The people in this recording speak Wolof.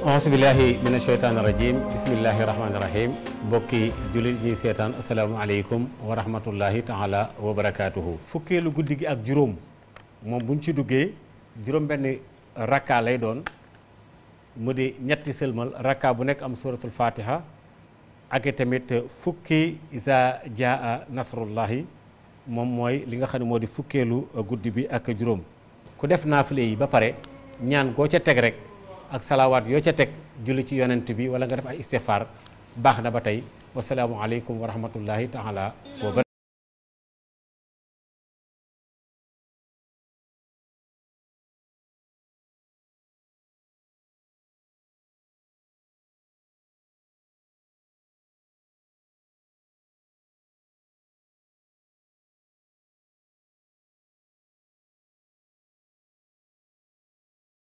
aasbillahi min asheytaan irajim bismillahi rahmaani rahim bokki jullit ñuy seetaan asalaamaaleykum wa rahmatullahi taala wa fukkeelu guddi gi ak juróom moom buñ ci duggee juróom benn rakka lay doon mu di ñetti sëlmal rakka bu nekk am suratul fatiha ak tamit fukki iza jaa nasrullahi moom mooy li nga xam ne moo di fukkeelu guddi bi ak juróom ku def naafile yi ba pare ñaan goo ca teg rek ak salaawaat yoo ca teg julli ci yonent bi wala nga def ay istixfaar baax na ba tey wasalaamualeykum wa rahmatullahi taala wa